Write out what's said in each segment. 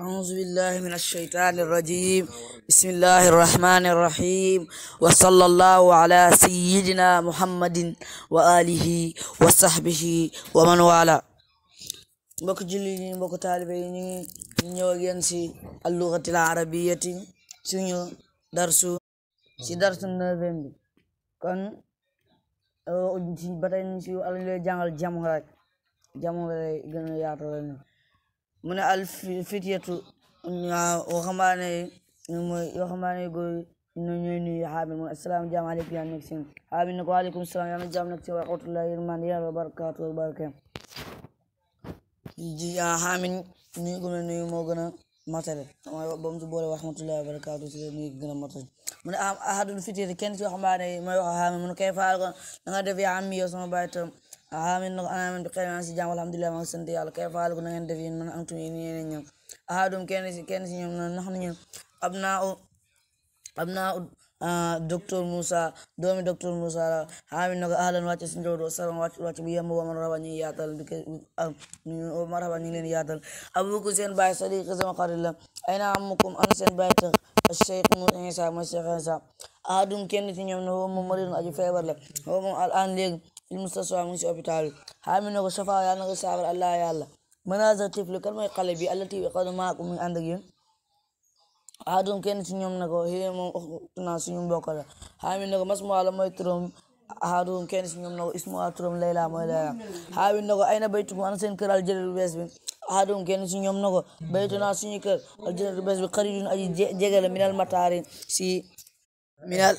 أعوذ بالله من الشيطان الرجيم بسم الله الرحمن الرحيم وصلى الله على سيدنا محمد وآله وصحبه ومن والاه mbokk julli ñi mbokk taalibe yi ñu ngi ñëw ak yéen si alluxatil arabiyati suñu darsu si darsu neuvième bi kon ba tey ñu si jàngal jamu rek jamu rek gën a yaatu mu ne al fityatu waxambaane waxambaane góor ñu ñuy nuyu xaabil mu assalaamu jaam aleykum yaa nekk seen xaabil ne ko waaleykum salaam yaa jaam nekk seen wa rahmatullahi irmaan yaa wa barakaatu wa baraka ji ah, xaamin nuyu ne nuyu moo gën a matale ba mu boole si nuyu gën a mu ne ah, wax xaamin mu ne kay faal ko da def yaa am yow baay tam amin nako anamen bi xëy na si jàmm alhamdulilah maa ngi sant yàlla kay faal ko na ngeen def yéen man antum yéen yéen ñoom ahadum kenn si kenn si ñoom nax na ñun ab naa ab naa ah, doomi docteur Moussa la amin nako ahlan wàcc si njaw doo salam wàcc wàcc bu yemb wa marhaba ñu yaatal bi leen yaatal abuku seen baay sadiq sama xarit la ay na amukum ana seen baay tax cheikh Moussa kenn si ñoom ne moom maridun aju la moom al an léegi fil mustaswa mu ngi si hôpital xaami na ko safa yàlla na ko saafara allah yàlla tifli kan mooy xale bi allati yaqadu maakum mu ngi ànd ak yéen aadum kenn ci ñoom na ko tuna suñu mbokk la xaami na ko mas mu wàlla mooy turam aadum kenn ci ñoom na ko ismu waa layla mooy layla xaami na ay na baytukum ana seen kër aljëlelu bees bi aadum kenn ci ñoom na ko baytuna suñu kër aljëlelu bees bi xaridun aji jegale minal mataari si minal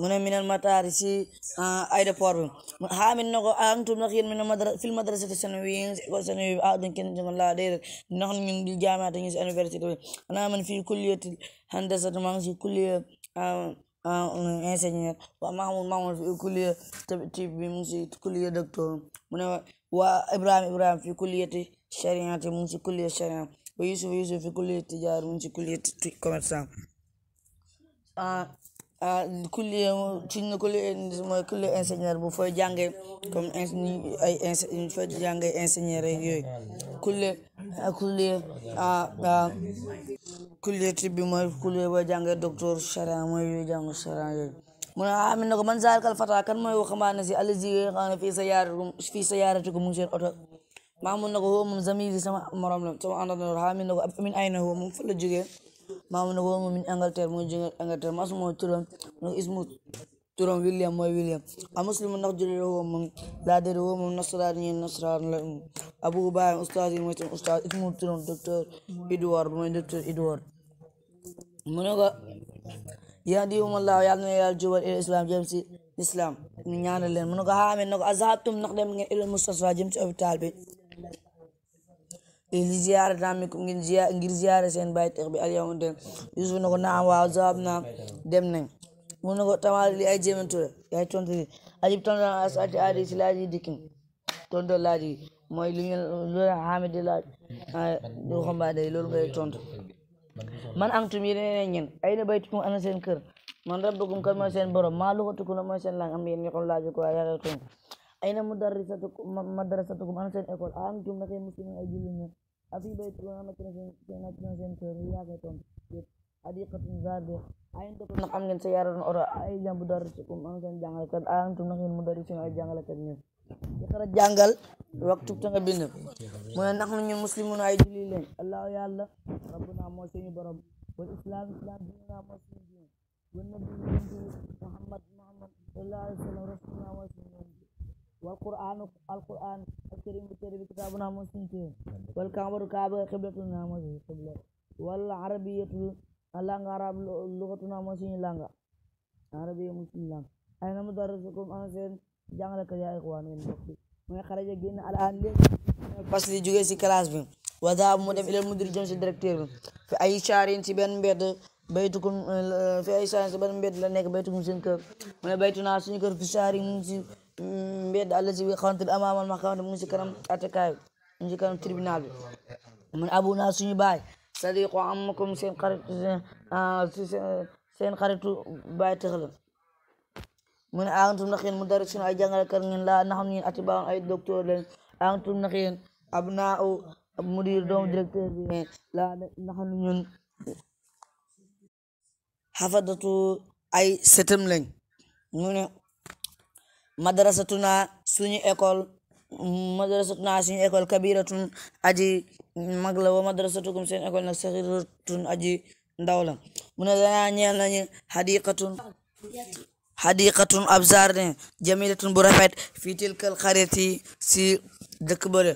mu ne minal mataari si aéroport bi haa min na ko antum nak yéen min madra fil madrasati sanawi sanawi bi ah duñ kenn jëngal laa déedéet ndax ñu ngi jaamaa te fi kulliya tabib bi mu ngi si kulliya docteur mu ne ibrahim ibrahim fi kulliyati shariati mu ngi si kulliya sharia wa yusuf yusuf fi ah kulli ci kulli bu fooy jàngee comme ay ingé fooy jàngee yooyu kulli ah, kulli ah, ah bi mooy kulli boo jàngee docteur charia mooy yooyu jàngu charia yooyu mu ne ah na ko man zaalikal fata kan mooy waxambaane si allazi xam ne fii sayaaratikum fii sayaaratikum mu ngi oto maa mun na ko moom zamiili sama morom la sama àndandoo xam ne min ayna huwa moom fa la jógee maam na woo min Angleterre mooy jóge Angleterre mas mooy turam no ismu turam William mooy William a muslim ndax jullit woo moom laa dere woo la abu baayam ustaaz yi mooy ustaaz ismu turam docteur Edward mooy docteur Edward mu ne ko yahdihum allah jubal il islam jëm si islam ñu ñaanal leen mu ne ko haa amin na ko azhabtum ndax dem ngeen mustasfa jëm si hôpital li ziyaara tammi ngir ziyaara ngir ziyaara seen baay tex bi alyawma dem Yusuf na ko naam waaw zaab na dem nañ ne ko tamaal li ay jéemantu la yaay tontu li ajib tontu na asati aadi si mooy li ñu loolu xaamid di laaj ah, xamba day loolu ngay tontu ay na baytukum ana seen kër man rabbukum kan mooy seen borom maa luxatukum la mooy seen lang am yéen ñi ko laaj ko waaye yaa tontu ayna mudarrisatukum madrasatukum ana seen école a antum na seen muslimin ay jullit ngeen afi baytikum ana nekk na seen seen nekk na seen kër yaa koy tontu adiqatun zaar bi ay ndokk ndax am ngeen sa yaroon oto ay jàng mudarrisatukum ana seen jàngalekat a antum na seen mudarrisin ay jàngalekat ngeen iqra jàngal waxtu ta nga bind mu ne nax na ñun muslimun ay jullit leen allah yàlla rabbuna moo suñu borom wal islam islam diina moo suñu diine wa nabi muhammad muhammad sallallahu alayhi wa sallam rasuluna moo suñu wal qur'aan al qur'aan al karim bu téere bi kitaabu naa mooy suñu téere wal kaabaru kaaba xiblatu naa mooy suñu xibla arabiyatu lang arab lugatu naa mooy suñu langa arabiya mooy langa ay na mudarrisukum ana seen jàngalekat yaa ixwaan yéen mbokk yi mooy xaraja génn al aan léegi parce que jógee si classe bi wa mu dem ilal mudir si directeur bi fi ay chaarin si benn mbedd baytukum eh, fi ay chaarin si benn mbedd la nekk baytukum seen kër mu ne baytu naa suñu kër fi chaarin si mbedd allazi bi xawantal amaamal maxkamate mu ngi si kanam attekaay mu ngi si kanam tribunal bi mun abuna suñu baay sadiqo amakum seen xaritu seen xaritu baay tëxala mun aantum nax yéen mu dari suñu ay jàngalekat ngeen laa naxam ñeen atibaan ay docteur leen aantum nax yéen abnaaw mudir doom directeur bi ngeen laa naxam ñun xafadatu ay setam lañ madrasatuna suñu école madrasatuna suñu école kabiratun aji mag la wa madrasatukum seen école nag saxiratun aji ndaw la mu ne lana ñeel nañu hadiqatun hadiqatun ab jardin jamilatun bu rafet fi tilkal xarit yi si dëkk bële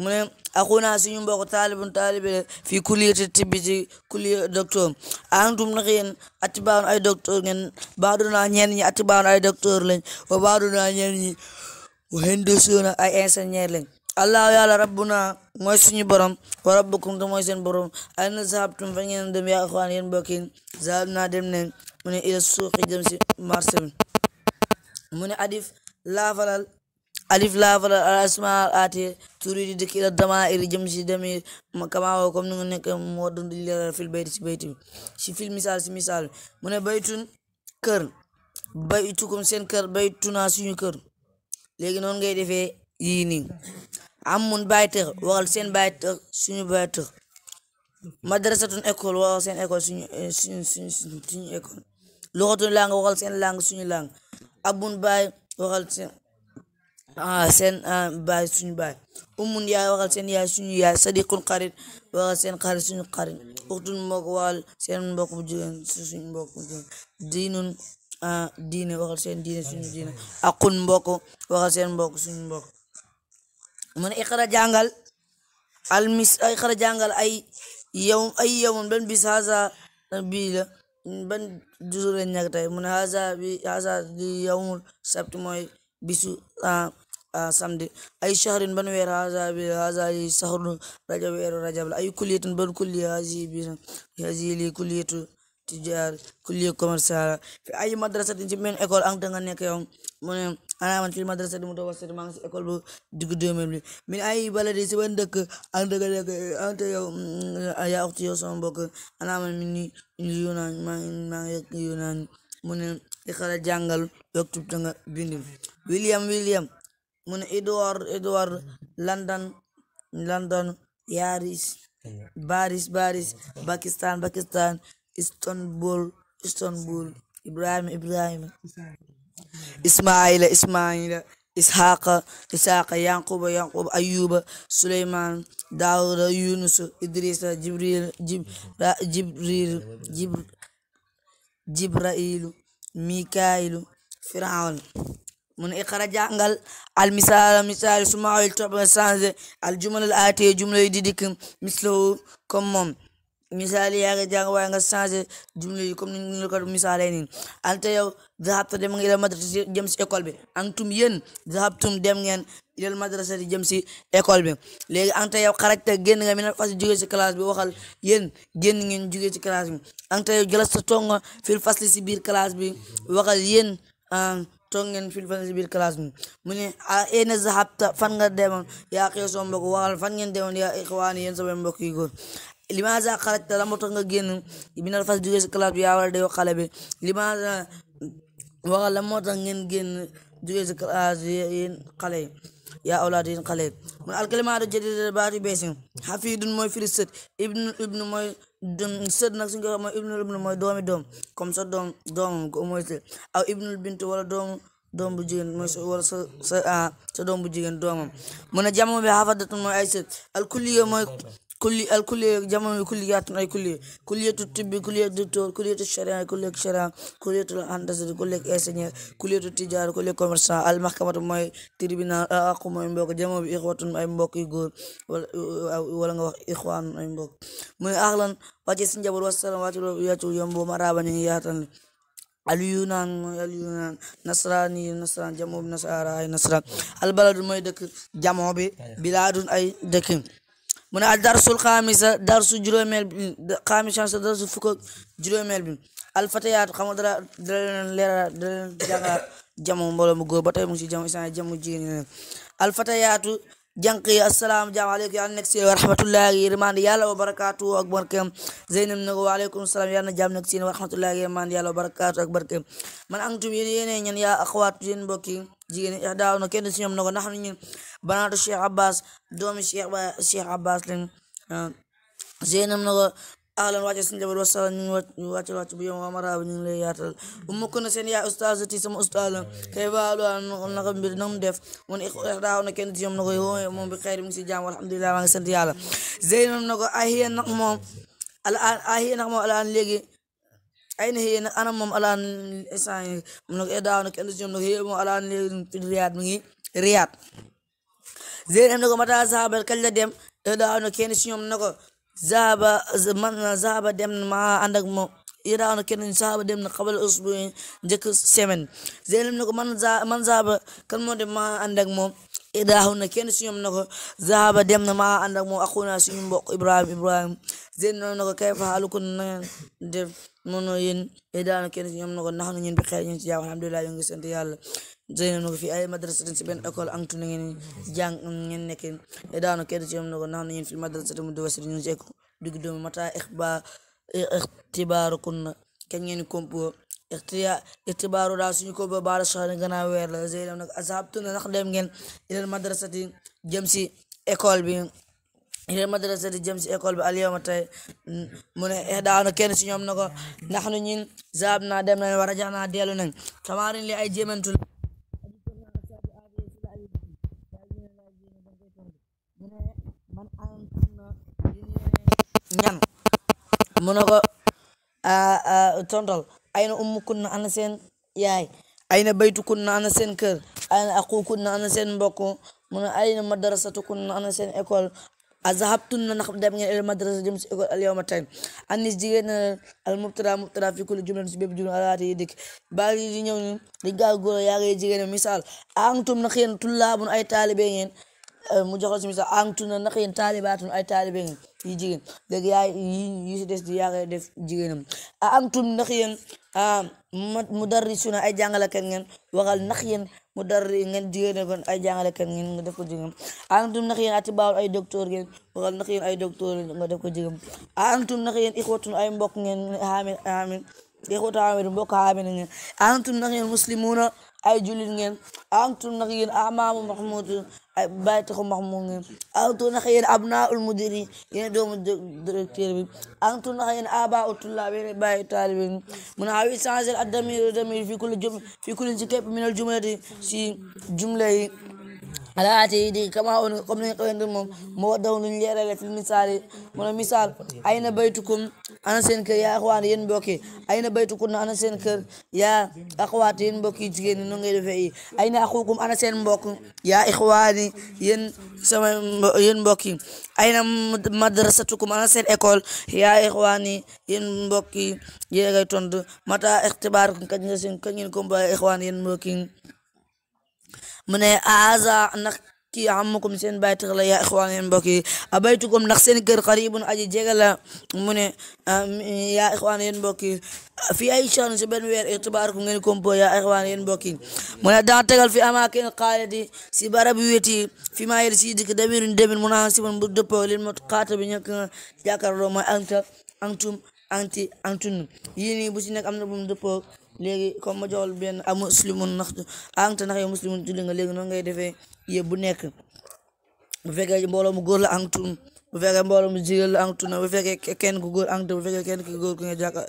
mu ne axuna suñu mbokk taalibun taalibe fi kulliyati tibbi ci kulliya docteur antum nag yéen atibaan ay docteur ngeen baaduna ñeen ñi atibaan ay docteur lañ wa na ñeen ñi wa hindusuna ay ingénieur lañ allahu yàlla rabbuna mooy suñu borom wa rabbukum te mooy seen borom ay na sahabtum fa ngeen dem yaa axwaan yéen zahab naa dem ne mu ne ila suuqi jëm si marché bi mu adif laafalal alif laa falal al asmaa al aatiya tur yi di dëkk ila damair jëm si demir kamaa woo comme ni nga nekk moo doon di leeral fil bayt si bayt bi si fil misaal si misaal bi mu ne baytun kër baytukum seen kër baytuna suñu kër léegi noonu ngay defee yii nii amun baytëx waxal seen baytëx suñu baytëx madrasatun école waxal seen école suñu eh, suñu suñu école luxatun lang waxal seen lang suñu lang abun bay waxal seen ah seen ah, baay suñu baay umun yaay waxal seen yaay suñu yaay sadiqun xarit waxal seen xarit waxal seen mbokk bu jigéen suñu mbokk bu jigéen ah, waxal seen diine suñu diine aqun mbokk waxal seen mbokk suñu jàngal almis ah, ay yow ay yowun benn bis haza bii la ban jusu la ñàkk tey mu ne bi haza li yowmul sabti mooy bisu samedi ay shahrin ban weer haza bi haza rajab weeru rajab la ay kulliyatin ban kulliya hazi bi hazi li kulliyatu tijar kulliya ay madrasatin ci men école ang danga nekk yow mu ne ana man fil madrasati mutawassiti maa ngi bu digg dóomam bi ay baladi si ban dëkk ang danga nekk ante yow mm, yaa waxtu yow sama mbokk ana man min ni yunaan maa ngi yunaan mu William William mu ne Edward Edward London London Yaris Paris Paris Pakistan Pakistan Istanbul Istanbul Ibrahim Ibrahim Ismaila Ismaila Ishaqa Ishaqa Yanquba Yanquba Ayuba Suleyman Daawuda Yunus Idrisa Jibril Jibril Jibril Jibrailu Mikailu mun iqara jàngal al misaal misaal su ma awil topp nga changé al jumal al aatee yi di dikk mislahu comme moom misaal yi yaa nga jàng waaye nga changé jumla yi comme ni ñu ko misaalee nii anta yow dahabta dem nga ilal jëm si école bi antum yéen dahabtum dem ngeen ilal madrasa jëm si école bi léegi anta yow xarajta génn nga min al fasli jógee bi waxal yéen génn ngeen jógee si classe bi anta yow jalasta toog nga fil fasli si biir classe bi waxal yéen ah, toog ngeen fil fan si biir classe bi mu ne ayna zahabta fan nga demoon yaa xew sama mbokk waxal fan ngeen demoon yaa ixwaani yéen sama mbokk yi góor limaasa xarajta la moo tax nga génn minal fas jóge si classe bi yaa war a dayoo xale bi limaasa waxal la moo tax ngeen génn jóge si classe bi yéen xale yi yaa awlaad firi sët ibnu ibnu mooy sët nag suñ ko xam mooy ibnul ibnu mooy doomi doom comme sa doom doomam ko mooy sët aw ibnul bint wala doomu doom bu jigéen mooy wala sa sa ah, sa doom bu jigéen doomam mu ne jamono bi xafadatun mooy ay sët al kulliye mooy kulli al kulliye jamono bi kulliyaatun ay kulliye kulliyatu tibbi kulliyatu docteur kulliyatu charia kulliyatu charia kulliyatu al mahkamatu mooy tribunal al mooy mbokk jamono bi ixwatun ay mbokk wala nga muy ahlan waje sin jabar wassalam wato yato yambo maraba ne yatan aliyunan aliyunan nasrani nasran jamo nasara ay nasra albaladu mooy dëkk jamo bi bilaadun ay dëkk mu ne darsul xaamisa darsu juróomeel bi xaamisa sa darsu fukk ak juróomeel bi alfatayaat xam nga dara mu góor ba tey mu si jamo isaan jamo jigéen jànq yi assalaamu jàmm aleykum yàlla nekk seen wa rahmatullahi yërmande yàlla wa barakaatu ak barkeem zeynam nag wa aleykum salaam yàlla na jàmm nekk seen wa rahmatullahi yërmande yàlla wa barakaatu ak barkeem man antum yéen yéene ñan yaa axawaatu yéen mbokki jigéen yi na kenn si ñoom nag ndax ñun banaatu Cheikh Abbas doomi Cheikh Cheikh Abbas lañ ah, zeynam nag ahlan wàcce seen jabar wasala bu yom wa marhaba ñu ngi lay yaatal umma kunna seen yaay ustazati sama ustaz la kay baalu naka mbir nam def mun ixdaaw na kenn koy wooye moom bi xeyr mu si jàmm alhamdulilah maa ngi sant yàlla na ko ahiya nag moom alaan ahiya nag moom alaan léegi ay na hiya nag anam moom alaan isaan mu na ko ixdaaw eh, riyaad mi ngi riyaad mata saabal kañ dem ixdaaw na kenn ci ñoom na zahaba man zahaba dem na ma ànd ak moom Iran kenn zahaba dem na qabla usbuin njëkk semaine Zeynab ne ko man man zahaba kan moo dem ma ànd ak moom idaahu na kenn si ñoom na ko zahaba dem na ma ànd mo moom axuna suñu mbokk Ibrahim Ibrahim Zeynab ne ko kayfa haalukum na ngeen def mono yéen idaahu na kenn si ñoom na ko naxnu ñun bi xeer ñun ci jàmm alhamdulilah ñu ngi sant yàlla jëlee ko fi ay madrasa ci benn école antu na ngeen jàng ngeen nekk daanu kedd ci yom na ko naan ngeen fi madrasa mu du wasir ñu jekku digg doomu mata ixba ixtibaaru kunna daa suñu ko ba baara soxla gannaaw weer la jëlee na ndax dem ngeen ilal madrasati jëm si école bi ilal madrasati jëm si école bi al yawma tey mu ne eh, daanu kenn si ñoom na ko ndax nu ñin zaab naa dem nañ war a jax naa dellu nañ tamaarin li ay jéemantul mu ne ko ah, ah, tontal ayna ummu kunna ana seen yaay ayna baytu kunna ana seen kër ayna aqu kunna ana seen mbokk mu ne ayna madrasatu kunna ana seen école azahabtunna ndax dem ngeen el madrasa jëm école al yawma tey anis jigéen na al mubtada mubtada fi kulli jumlatin si bépp jumla alaati yi dikk baal yi di ñëw ni di gaal góor yaa ngay na xeen tullaabun ay taalibe ngeen mu jox si misaal antuna naka yéen taalibaatun ay taalibe ngeen yi jigéen léegi yaay yi si des di yaakaar def jigéenam a antum naka yéen mudarrisuna ay jàngalekat ngeen waxal naka yéen mudarri ngeen jigéen kon ay jàngalekat ngeen nga def ko jigéen a antum naka ay docteur ngeen waxal naka yéen ay docteur nga def ko jigéen a antum naka yéen ixwatun ay mbokk ngeen xaamin xaamin ixwatu xaamin mbokk xaamin ngeen a antum naka ay jullit ngeen antum nag yéen amaamu mahmud baytixu mahmud ngeen antum nag yéen u mudiri yéen doomu directeur bi antum nag yéen abau tullaab yéen bàyyi taalibe bi mu ne awi changer damir damir fi kulli jum fi kulli si képp minal jumlati si jumla yi alaati yi di kama on comme nañ xewen dun mu waddaw nuñ leerale fil misaal yi mu ne misaal ay na baytukum ana seen kër yaa axwaat yéen mbokk yi ay na baytukum ana jigéen ñi nu ngay defee yi ay na ana seen mbokk yaa ixwaani yéen sama yéen mbokk mata ixtibaar kañ nga seen kañ ngeen ko mbaa mu ne aza ndax kii amukum sen baay tëx la yaa ixwaan yéen mbokk yi abaytukum ndax seen kër xaribun aji jege la mu ne ya ixwaan yéen mbokk yi fii ay chan si benn weer ixtibaarku ngeen kompo yaa ixwaan yéen mbokk yi mu ne daa tegal fi amaakin xaalati si barab wet yi fi maa yel si dikk damirin demin munaasibun bu dëppoo lil mot xaata bi ñëkk jàkkaarloo mooy anta antum anti antun yii nii bu si nekk am na bu mu léegi comme ma joxol benn a ah, muslimun ndax anta ndax yow muslimun julli nga léegi noonu ngay defee yëpp bu nekk bu fekkee mbooloo mu góor la antum bu fekkee mbooloo mu jigéen la antu na bu fekkee kenn ku góor antu bu fekkee kenn ku góor ku nga jàkka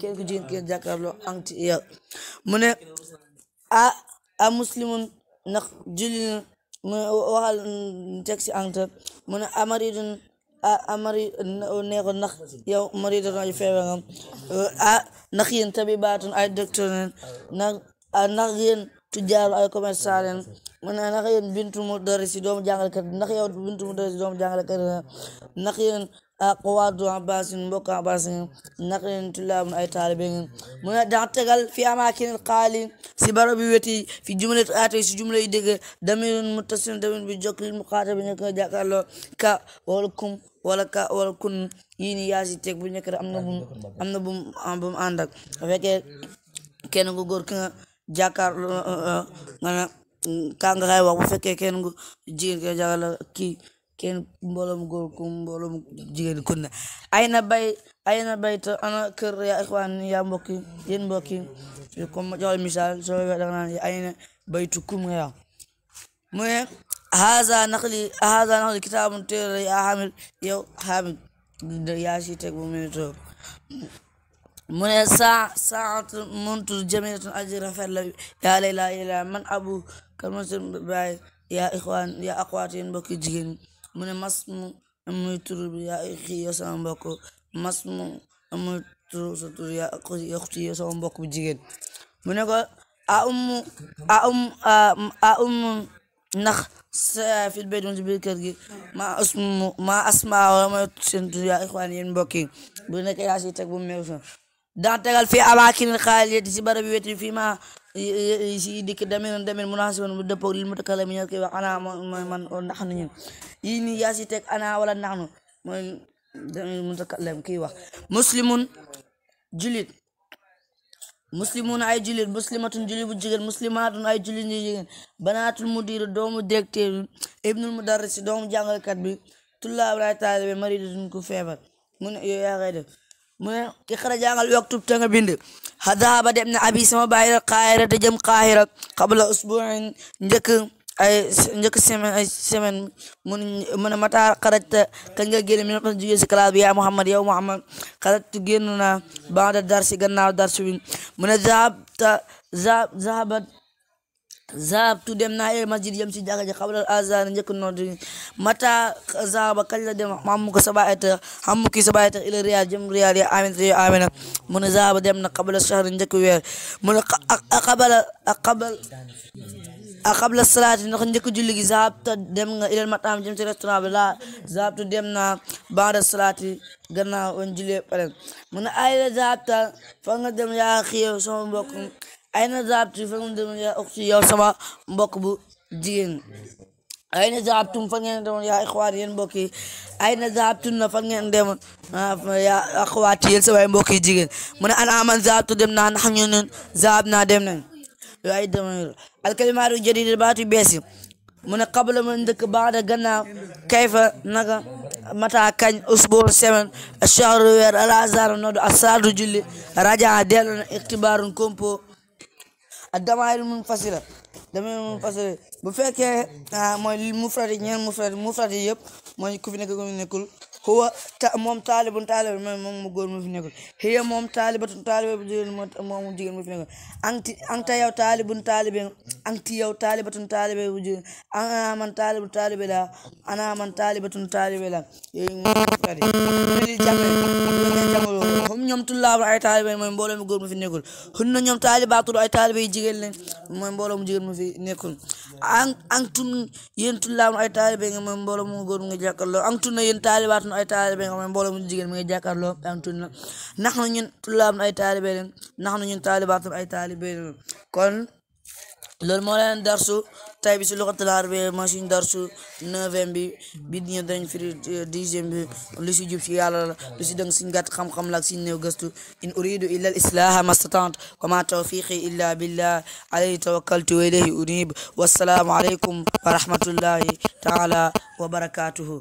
kenn ku jigéen ki nga ya mu ne a ah, a ah, muslimun ndax julli na mu si anta mu ne amaridun a ah, ah, mari oh, neexul nax yow mari dana ju feebar nga ah ndax yéen ay docteur leen ndax ah, ndax yéen tujjaaru ay commerçant leen mu ne ndax yéen bintu mudarris doomu jàngalekat ndax yow bintu mudarris doomu jàngalekat ndax yéen aqwaatu abbasin mbokk abbasin naqin tullaabun ay taalibe ngeen mu ne tegal fi amaakin xaali si baro bi weti fi jumlat aati si jumla yi dégg damirun muttasil damirun bi jokk lil muqaatab bi nekk jàkkaarloo ka wala kum wala ka wala bu nekk am na bu am na bu bu mu ànd nga jàkkaarloo euh, euh, nga ne ka nga xay wax bu fekkee ki kenn mbooloom góor ku mbooloom jigéen ku ne ay na bay ay na bayta ana kër mbokki yéen mbokki ay na baytu kum nga yaa mu ne haza naqli haza naqli kitaabu téere yaa xamil yow xamil yaa si teg bu muy aji rafet la yaa layla ila man abu kan mun seen baay yaa ixwaan yaa axwaat mbokki jigéen mu ne mas mu muy tur ya xi yow sama mbokk mas mu muy tur sa ya xti yow sama mbokk bu jigéen mu ne ko a ummu a um a ummu ndax fil kër gi ma asma ma asma wala mooy seen tur ya ixwaan yéen mbokk yi bu nekk yaa si teg bu daan tegal fi amaakinil xaaliyati si barab yu wetu fii ma si dikk damin damin munaasiban bu dëppoo lil mutakallimi ñoo koy wax ana mooy man ndax nu ñun yii nii yaa teg ana wala ndax nu mooy damin mutakallim kiy wax muslimun julit muslimun ay julit muslimatun julit bu jigéen muslimatun ay julit ñu jigéen banaatul mudir doomu directeur ibnul mudarris doomu jàngalkat bi tullaab ay taalibe maridatun ku feebar mun yooyu yaa koy mu ne ki xarajangal waktub ta nga bind hadaba dem na abi sama bàyyi xaayira te jëm xaayira qabla usbuin njëkk ay njëkk semaine ay semaine mun mu ne mata xarajta kañ nga génn mi pas jógee si classe bi yaa Muhammad yow Muhammad xarajtu génn naa ba'da darsi gannaaw darsi wi mu ne zahabta zahab zahabat zahabtu dem naa el masjid yam si jàkka ji xablal azan njëkk nodd mata zahaba kañ la dem xammuko sabaata xammuki sabaata ila riyad jëm riyad ya amin yo amina mu ne dem na xabla shahr njëkk julli gi zahabta dem nga ilal mataam jëm si restaurant bi la zahabtu dem naa baada salaati gannaaw woon julli pare mu ne ay la zahabta fa dem yaa xiyee sama ay na zaabtum fa ngeen demoon yaa uxti yow ay na zaabtum fa na zaabtum na yaa axwaat yéen samay mbokk yi jigéen mu ne dem naa ndax ñu ñun zaab naa dem nañ yooyu ay demoon alkalimaatu jadiid baatu bees yi mu ne qabla mu ndëkk baada gannaaw kayfa naka mata kañ usbuur semaine shahru weer al azar nodu asaadu julli raja dellu na ixtibaarun compo dama ad-damaa'ir munfasila damir munfasila bu fekkee ah, mooy mufrad yi ñeen mufrad mufrad yi yëpp mooy ku fi nekk ku huwa moom taalibun taaliba moom mu góor mu fi nekkul hiya moom taalibatun taaliba bu jigéen moom jigéen mu fi nekkul anti anta yow taalibun taalibe anti yow taalibatun taalibe bu jigéen ana man taalibu taalibe la ana man taalibatun taalibe la hum ñoom tullaabul ay taalibe mooy mbooloo mu góor fi nekkul hunna ñoom taalibatul ay taalibe yi jigéen lañ mooy mbooloo mu jigéen mu fi nekkul an antum yéen tullaabul ay taalibe nga mooy mu góor nga jàkkarloo antum na yéen taalibaat tullaabun ay taalibe nga xam ne mbooloo mu jigéen mi ngi jàkkaarloo am tudd na nax na ñun tullaabun ay taalibe leen nax na ñun taalibaatun ay taalibe leen kon loolu moo leen darsu tay bi si luxatul arabiya mooy suñu darsu neuvième bi bi di ñëw dañ firi euh, dixième bi lu si jub si yàlla la lu si dëng suñ gàtt xam-xam la ak suñ néew gëstu in uridu illa al islaha mastatant wa ma tawfiqi illa billah alayhi tawakkaltu wa ilayhi unib wassalaamu alaykum wa rahmatullahi taala wa barakatuhu